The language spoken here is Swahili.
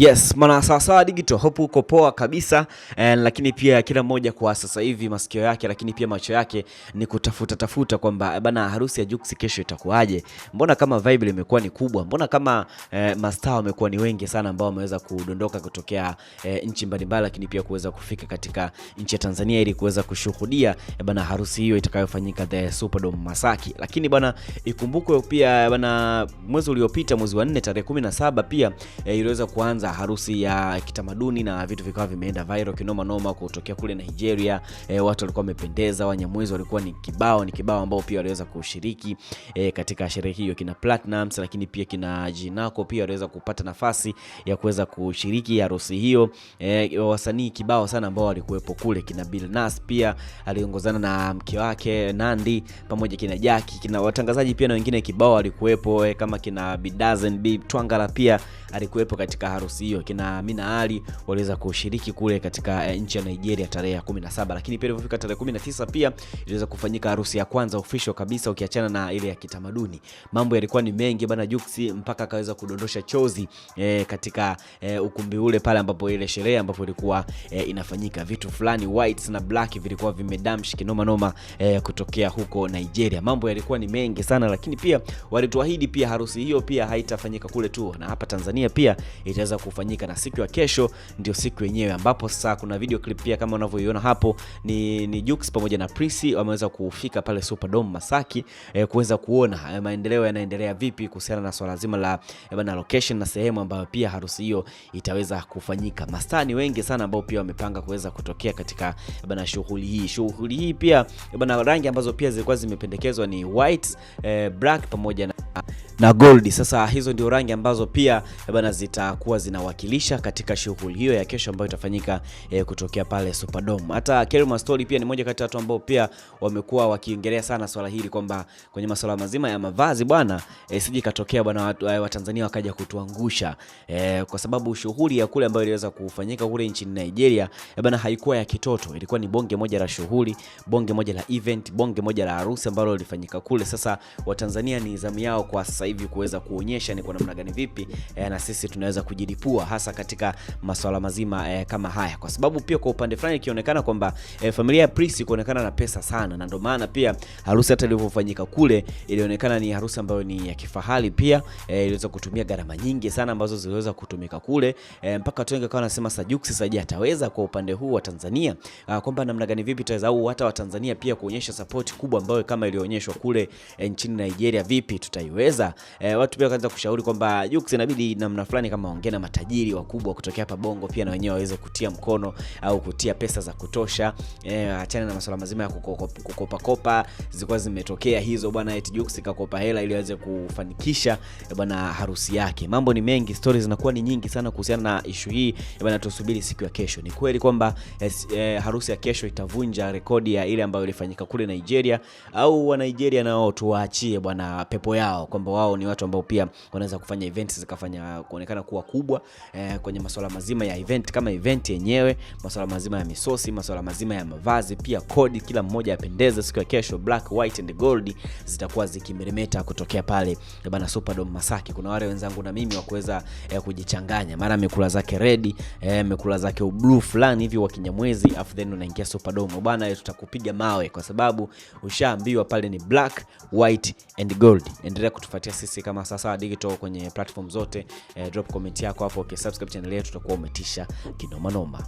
Yes, mwana sawasawa digital hope uko poa kabisa eh, lakini pia kila mmoja kwa sasa hivi masikio yake lakini pia macho yake ni kutafuta tafuta kwamba eh, bana harusi ya Jux kesho itakuwaje? Mbona kama vibe imekuwa ni kubwa? Mbona kama eh, mastaa wamekuwa ni wengi sana ambao wameweza kudondoka kutokea eh, nchi mbalimbali lakini pia kuweza kufika katika nchi ya Tanzania ili kuweza kushuhudia eh, bana harusi hiyo itakayofanyika the Superdome Masaki. Lakini bana ikumbukwe pia bana mwezi uliopita mwezi wa 4 tarehe 17 pia eh, iliweza kuanza kabisa harusi ya kitamaduni na vitu vikawa vimeenda viral kinoma noma kutokea kule Nigeria. E, watu walikuwa wamependeza, Wanyamwezi walikuwa ni kibao ni kibao ambao pia waliweza kushiriki e, katika sherehe hiyo kina Platnumz, lakini pia kina Jinako pia waliweza kupata nafasi ya kuweza kushiriki harusi hiyo. E, wasanii kibao sana ambao walikuwepo kule kina Billnass pia aliongozana na mke wake Nandi pamoja kina Jackie, kina watangazaji pia na wengine kibao walikuwepo e, kama kina Bidazen B Twangala pia alikuwepo katika harusi nafasi hiyo kina Amina Ali waliweza kushiriki kule katika eh, nchi ya Nigeria tarehe ya 17, lakini pia ilivyofika tarehe 19 pia iliweza kufanyika harusi ya kwanza official kabisa, ukiachana na ile ya kitamaduni. Mambo yalikuwa ni mengi bana Juksi, mpaka akaweza kudondosha chozi e, katika e, ukumbi ule pale ambapo ile sherehe ambapo ilikuwa e, inafanyika. Vitu fulani whites na black vilikuwa vimedamshi kinoma noma e, kutokea huko Nigeria. Mambo yalikuwa ni mengi sana, lakini pia walituahidi pia harusi hiyo pia haitafanyika kule tu na hapa Tanzania pia itaweza hufanyika na siku ya kesho ndio siku yenyewe, ambapo sasa kuna video clip pia kama unavyoiona hapo ni, ni Jux pamoja na Prissy wameweza kufika pale Superdome Masaki eh, kuweza kuona eh, maendeleo yanaendelea vipi kuhusiana na swala zima la eh, na location na sehemu ambayo pia harusi hiyo itaweza kufanyika. Mastani wengi sana ambao pia wamepanga kuweza kutokea katika eh, na shughuli hii. Shughuli hii pia eh, na rangi ambazo pia zilikuwa zimependekezwa ni white, eh, black pamoja na na gold. Sasa hizo ndio rangi ambazo pia eh, bana zitakuwa zinawakilisha katika shughuli hiyo ya kesho ambayo itafanyika e, kutokea pale Superdome. Hata Kerry Mastori pia ni moja kati ya watu ambao pia wamekuwa wakiongelea sana swala hili kwamba kwenye masuala mazima ya mavazi bwana e, eh, siji katokea bwana watu wa Tanzania wakaja kutuangusha e, kwa sababu shughuli ya kule ambayo iliweza kufanyika kule nchini Nigeria e, bana haikuwa ya kitoto, ilikuwa ni bonge moja la shughuli, bonge moja la event, bonge moja la harusi ambalo lilifanyika kule. Sasa Watanzania ni zamu yao kwa sasa hivi kuweza kuonyesha ni kwa namna gani vipi eh, na sisi tunaweza kujilipua hasa katika masuala mazima eh, kama haya, kwa sababu pia kwa upande fulani ikionekana kwamba eh, familia ya Pris kuonekana na pesa sana, na ndio maana pia harusi hata ilivyofanyika kule ilionekana ni harusi ambayo ni ya kifahari pia eh, iliweza kutumia gharama nyingi sana ambazo ziliweza kutumika kule eh, mpaka watu wengi wakawa wanasema Sajuksi saje ataweza kwa upande huu wa Tanzania ah, kwamba namna gani vipi tutaweza au hata wa Tanzania pia kuonyesha support kubwa ambayo kama ilionyeshwa kule eh, nchini Nigeria vipi tuta anaiweza. E, eh, watu pia wakaanza kushauri kwamba Jux inabidi namna fulani kama ongea na matajiri wakubwa kutokea hapa Bongo, pia na wenyewe waweze kutia mkono au kutia pesa za kutosha. E, eh, achana na masuala mazima ya kukopa kopa, zilikuwa zimetokea hizo bwana, eti Jux kakopa hela ili aweze kufanikisha eh, bwana harusi yake. Mambo ni mengi, stories zinakuwa ni nyingi sana kuhusiana na ishu hii bwana, tusubiri siku ya kesho. Ni kweli kwamba e, harusi ya kesho itavunja rekodi ya ile ambayo ilifanyika kule Nigeria, au wa Nigeria nao tuwaachie bwana pepo yao wao, kwamba wao ni watu ambao pia wanaweza kufanya events zikafanya kuonekana kuwa kubwa eh, kwenye masuala mazima ya event kama event yenyewe, masuala mazima ya misosi, masuala mazima ya mavazi, pia kodi, kila mmoja apendeze siku ya kesho. Black, white and gold zitakuwa zikimeremeta kutokea pale eh, bana Superdome Masaki. Kuna wale wenzangu na mimi wakuweza eh, kujichanganya, mara mikula zake red eh, mikula zake blue fulani hivi wa Kinyamwezi, afu then unaingia Superdome bana, tutakupiga mawe kwa sababu ushaambiwa pale ni black, white and gold. Endelea endelea kutufuatia sisi kama sasa Digital kwenye platform zote. Eh, drop comment yako hapo, ukisubscribe channel yetu utakuwa umetisha kinoma noma.